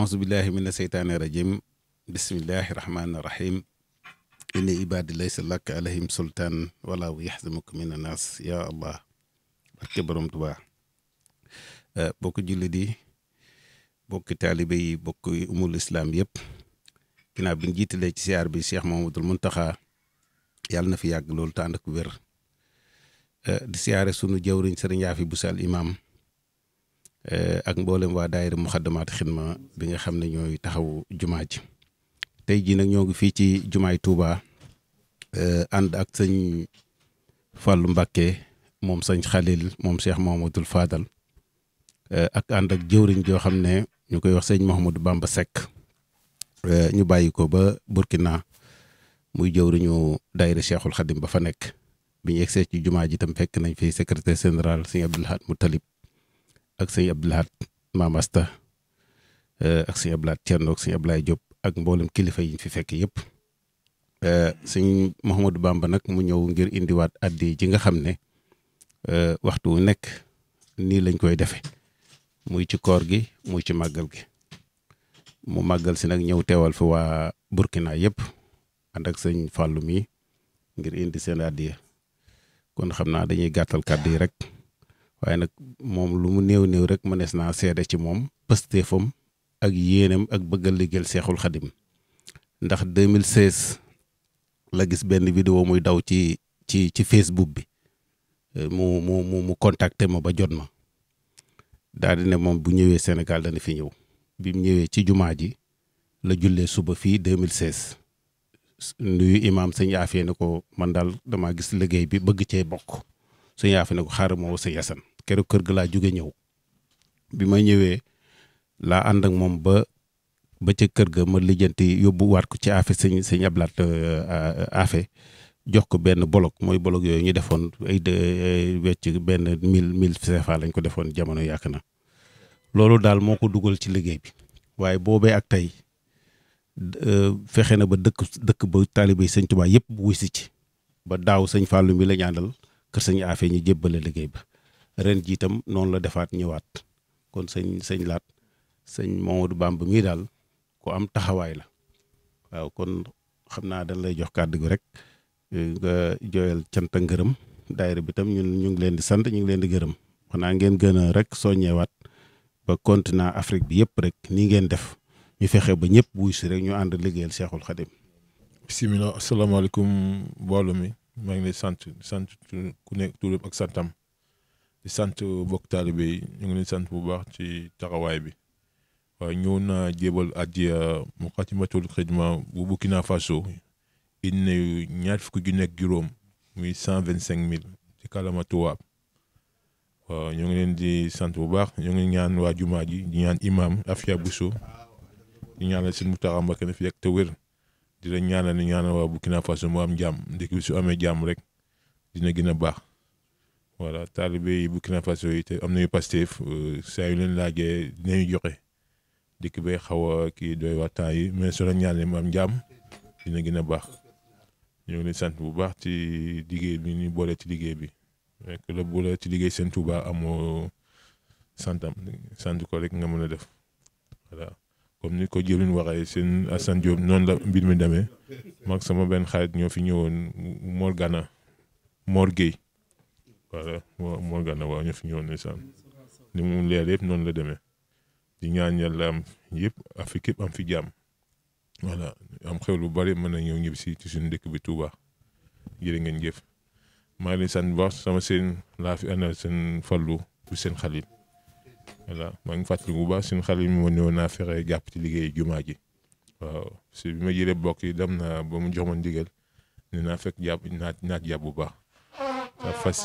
aousubillahi mina seytaani rajim bismillahi rahmaani rahim inni ibaadi laysa lak sultaan wala bu yaxzamuka min annaas ya allah barke borom Tuubaa eh, bokk jullit yi bokki taalibe yi bokki umul islaam yëpp ginnaaw bi ñu jiitalee ci siyaar bi Cheikh Mamadul Muntaxa yàlla na fi yàgg loolu te ànd ak wér eh, di siyaare sunu jëwriñ sëriñ Yaafi Busa al imaam Eh, ak mboolem waa daayira Muxaddamaat Xidma bi nga xam ne ñooy taxaw jumaa ji tey jii nag ñoo ngi fii ci jumaa jumaay Touba eh, ànd ak sëñ Fallou Mbacké moom sëñ Khalil moom Cheikh Mouhamadoul Fadal eh, ak ànd ak jëwriñ joo xam ne ñu koy wax sëñ Mouhamadou Bamba Seck ñu bàyyi ko ba Burkina muy jëwriñu daayira Cheikhul Khadim ba fa nekk bi ñu egsee ci jumaa ji tam fekk nañ fi secrétaire général sëñ Abdoul mu talib ak sëñ Abdou Lahad Maam Asta eh, ak sëñ Abdou Lahad Thierno ak sëñ Abdoulaye Diop ak mboolem kilifa yi fi fekk yëpp eh, sëñ Mouhamadou Bamba nag mu ñëw ngir indiwaat addi ji nga xam ne eh, waxtu wu nekk nii lañ koy defe muy ci koor gi muy ci màggal gi mu màggal si nag ñëw teewal fi waa Burkina yëpp ànd ak sëñ Fallou mi ngir indi seen addiya kon xam naa dañuy gàttal kàddu yi rek. waaye nag moom lu mu néew néew rek mënees naa seede ci moom pëstéefam ak yéenam ak bëggal liggéeyal seexul xadim ndax la gis benn vidéo muy daw ci ci ci Facebook bi euh, mu mu mu mu contacté ma ba jot ma daal di ne moom bu ñëwee Sénégal dana fi ñëw bi mu ñëwee ci jumaa ji la jullee suba fii 2016 nuyu imaam sëñ Yaafee ne ko man daal damaa gis liggéey bi bëgg cee bokk sëñ Yaafee ne ko xaaral ma woo Yasan keroog kër ga laa jóge ñëw bi ma ñëwee laa ànd ak moom ba ba ca kër ga ma lijjanti yóbbuwaat ko ci affaire sëñ sëñ ablaat euh, euh, affaire jox ko benn bolog mooy bolog yooyu ñu defoon ay wecc benn mille mil CFA lañ ko defoon jamono yàq na loolu daal moo ko dugal ci liggéey bi waaye boobee ak tey euh, fexe na ba dëkk dëkk ba taalibe sëñ Tuubaa yëpp wuy si ci ba daaw sëñ Fallou mi la ñu àndal kër sëñ Afé ñu jébbale liggéey ba ren jiitam noonu la defaat ñëwaat kon sëñ sëñ laat du baam Bamba mii daal ku am taxawaay la waaw kon xam naa dañ lay jox kàddu gi rek eh, nga joyal cant ak ngërëm daayira bi tam ñun ñu ngi leen di sant ñu ngi leen di gërëm xanaa ngeen gën a rek soññewaat ba continent Afrique bi yëpp rek nii ngeen def ñu fexe ba ñëpp wuy si rek ñu ànd liggéeyal Cheikhul Khadim bisimilah asalaamaaleykum mbooloo mi maa ngi sant sant ku nekk turam ak santam di sant bokk taalibe yi ñu ngi leen sant bu baax ci taxawaay bi ñëw naa jébal addiya Muxaddamatul Xidma bu Burkina Faso inne yu ñaar fukki ju nekk juróom muy cent vingt cinq mille ci kàllaama tubaab ngi leen di sant bu baax ñu ngi ñaan waa jumaa ji ñaan imam Afia Bousso di ñaanal seen Mountakha Mbacké na fi yegg te wér di la ñaanal di ñaanal waa Burkina Faso mu am jàmm ndekki bi su amee jàmm rek dina gën a baax voilà taalibe yi Burkina Faso yi te am nañu Pastef euh, saa yu leen laajee dinañu joxe dikk bay xaw a kii doy waa temps yi mais soo leen ñaanee maam jàmm dina gën a baax ñu ngi sant bu baax ci liggéey bi ñu boole ci liggéey bi rek la boole ci liggéey seen Touba amoo santam sant ko rek nga mën a def voilà. comme ni ko jëlin waxee seen Assane Diop noonu la mbir mi demee mag sama benn xarit ñoo fi ñëwoon Mor Gana Mor voilà moo gànna waaw ñu fi ñëwoon ndeysaan ni mu leer yëpp noonu la demee di ñaan yàlla am yëpp am fi képp am fi jàmm voilà am xew lu bari mën na ñëw ñibbi si ci suñu dëkk bi Touba jërë ngeen jëf maa ngi leen sant bu sama seen laa fi àndal seen fallu bu seen xalil voilà maa ngi fàttali bu baax seen xalil mo ñëw naa fexe jàpp ci liggéey jumaa ji si bi ma jëlee bokk yi dem naa ba mu jox naa fekk jàpp naat naat bu baax fas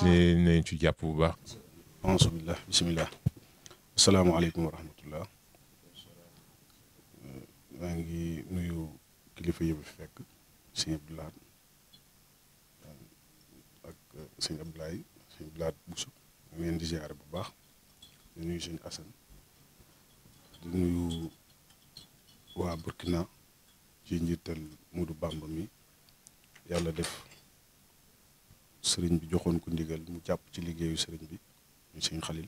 nañ ci jàpp bu baax. alhamdulilah bisimilah. asalaamaaleykum wa rahmatullah. Euh, maa ngi nuyu kilifa yëpp fi fekk sëñ Abdoulaye ak sëñ Abdoulaye sëñ Abdoulaye Bousso ñu leen di bu baax di nuyu sëñ Assane di nuyu waa Burkina ci njiital Modou Bamba mi yàlla def. sëriñ bi joxoon ko ndigal mu jàpp ci liggéeyu sëriñ bi ñu sëñ xalil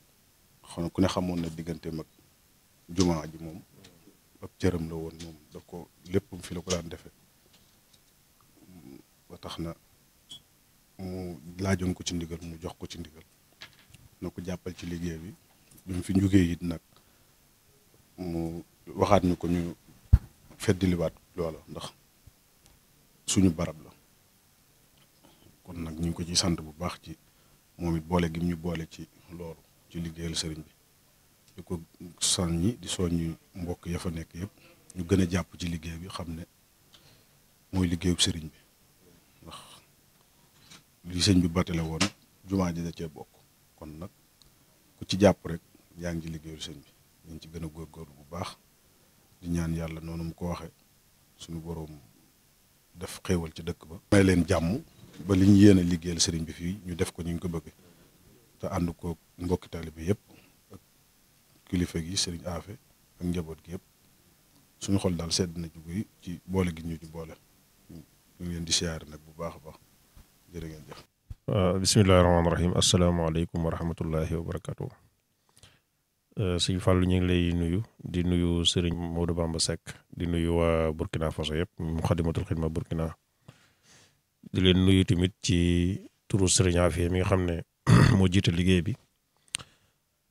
xam ku ne xamoon na diggante mag jumaa ji moom ab cëram la woon moom da ko lépp fi la ko daan defe ba tax na mu laajoon ko ci ndigal mu jox ko ci ndigal na ko jàppal ci liggéey bi bi mu fi jógee it nag mu waxaat ñu ko ñu feddiliwaat loola ndax suñu barab la kon nag ñu ngi ko ci sant bu baax ci moom it boole gi ñu boole ci loolu ci liggéeyal sëriñ bi di ko soññi di soññi mbokk ya fa nekk yëpp ñu gën a jàpp ci liggéey bi xam ne mooy liggéeyu sëriñ bi ndax li sëñ bi batale woon jumaa ji cee bokk kon nag ku ci jàpp rek yaa ngi ci liggéeyu sëñ bi ñu ci gën a bu baax di ñaan yàlla noonu mu ko waxe suñu boroom def xéewal ci dëkk ba may leen jàmm ba li ñu yéen a liggéeyal sëriñ bi fii ñu def ko ñu ngi ko bëgg te ànd ko mbokki taalibe yëpp ak kilifa gi sëriñ aafe ak njaboot gi yëpp suñu xol daal sedd na jugu ci boole gi ñu boole ñu di siyaare nag bu baax a baax jërë ngeen jëf. Ah, bisimilah rahmaani rahiim asalaamaaleykum wa wa barakaatu. Eh, sëñ Fallou ñu ngi lay nuyu di nuyu sëriñ Modou Bamba Seck di nuyu waa Burkina Faso yëpp Moukhaddamatoul Khidma Burkina. di leen nuyu tamit ci turu Serigne Afia mi nga xam ne moo jiite liggéey bi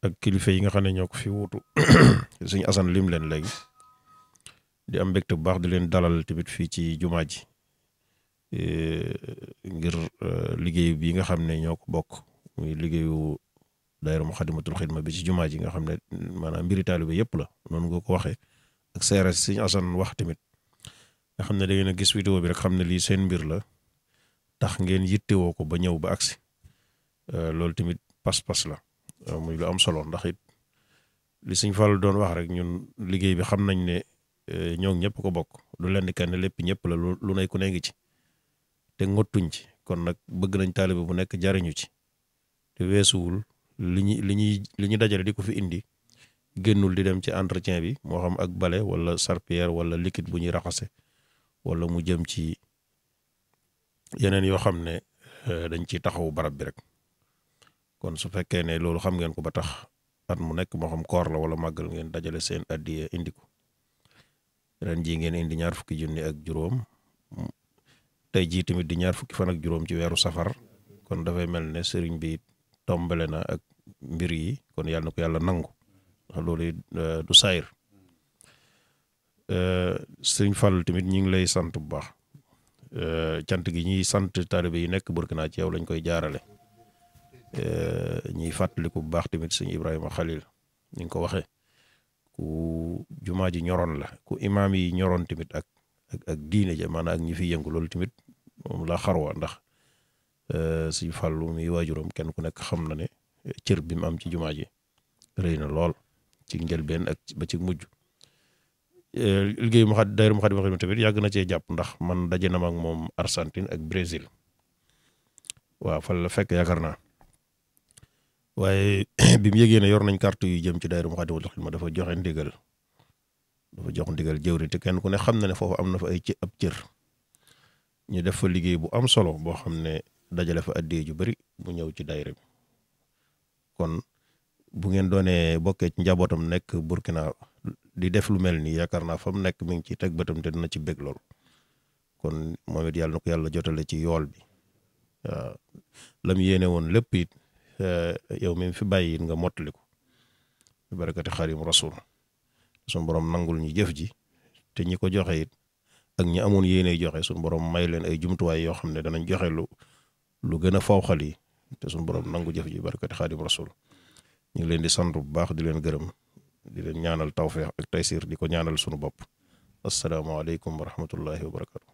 ak kilifa yi nga xam ne ñoo ko fi wutu Sëñ Assane lim leen léegi di am mbégte bu baax di leen dalal tamit fii ci jumaa ji e, ngir e, liggéey bi nga xam ne ñoo ko bokk muy liggéeyu daayira Muxaddamatul bi ci jumaa ji nga xam ne maanaam mbiri taalibe yëpp la noonu nga ko waxee ak seere Sëñ Assane wax tamit nga xam ne da ngeen a gis vidéo bi rek xam ne lii seen mbir la tax ngeen yitte yittewoo ko ba ñëw ba agsi euh, loolu tamit pas-pas la euh, muy lu am solo ndax it li suñ Fallu doon wax rek ñun liggéey bi xam nañ ne euh, ñoo ñëpp ko bokk lu leen kenn lépp ñëpp la lu nay ku ne ngi ci te ngottuñ ci kon nag bëgg nañ taalibe bu nekk jariñu ci te weesuwul li ñu li ñuy li ñu dajale di ko fi indi génnul di dem ci entretien bi moo xam ak bale wala serpillière wala liquide bu ñuy raxase wala mu jëm ci yeneen yoo xam ne euh, dañ ciy taxawu barab bi rek kon su fekkee ne loolu xam ngeen ko ba tax at mu nekk moo xam koor la wala màggal ngeen dajale seen addiya indi ko ren jii ngeen indi ñaar fukki junni ak juróom tey jii tamit di ñaar fukki fan ak juróom ci weeru safar kon dafay mel ne sëriñ bi tombale na ak mbir yi kon yàlla na ko yàlla nangu loolu loolu euh, du saayir euh, sëriñ Fall tamit ñu ngi lay sant bu baax. Euh, cant gi ñuy sant taalibe yi nekk Burkina ci yow lañ koy jaarale euh, ñuy fàttaliku bu baax tamit suñu Ibrahima Khalil ñi nga ko waxee ku jumaa ji ñoroon la ku imaam yi ñoroon tamit ak ak ak diine ja ak ñi fi yëngu loolu tamit moom laa xarwa ndax euh, suñu fàllu mi waajuram kenn ku nekk xam na ne cër bi mu am ci jumaa ji rëy na lool ci njëlbeen ak ba ci mujj Euh, liggéeyu ma xa dayru ma xadima xadima tamit yàgg na cee jàpp ndax man daje na ma ak moom Argentine ak Brésil waaw fan la fekk yaakaar naa waaye bi mu yëgee ne yor nañ carte yu jëm ci dayru ma xadima xadima dafa joxe ndigal dafa jox ndigal jëwriñ kenn ku ne xam na ne foofu am na fa ay ci ab cër ñu def fa liggéey bu am solo boo xam ne dajale fa addee ju bari mu ñëw ci dayra kon bu ngeen doonee bokkee ci njabootam nekk Burkina di def lu mel nii yaakaar naa fa mu nekk mi ngi ci teg bëtam te dina ci bég lool kon moom it yàlla na ko yàlla jotale ci yool bi waaw la yéene woon lépp it eh, yow mi fi bàyyi it nga mottali ko bi barakati xarim rasul suñ borom nangul ñu jëf ji te ñi ko joxe it ak ñi amoon yéene joxe suñ borom may leen ay jumtuwaay yoo xam ne danañ joxe lu lu gën a fawxal yi te suñ borom nangu jëf ji barakati xarim rasul ñu ngi leen di sant bu baax di leen gërëm. di leen ñaanal tawfeex ak taysiir di ko ñaanal sunu bopp asalaamaaleykum wa rahmatullahi wa barakatu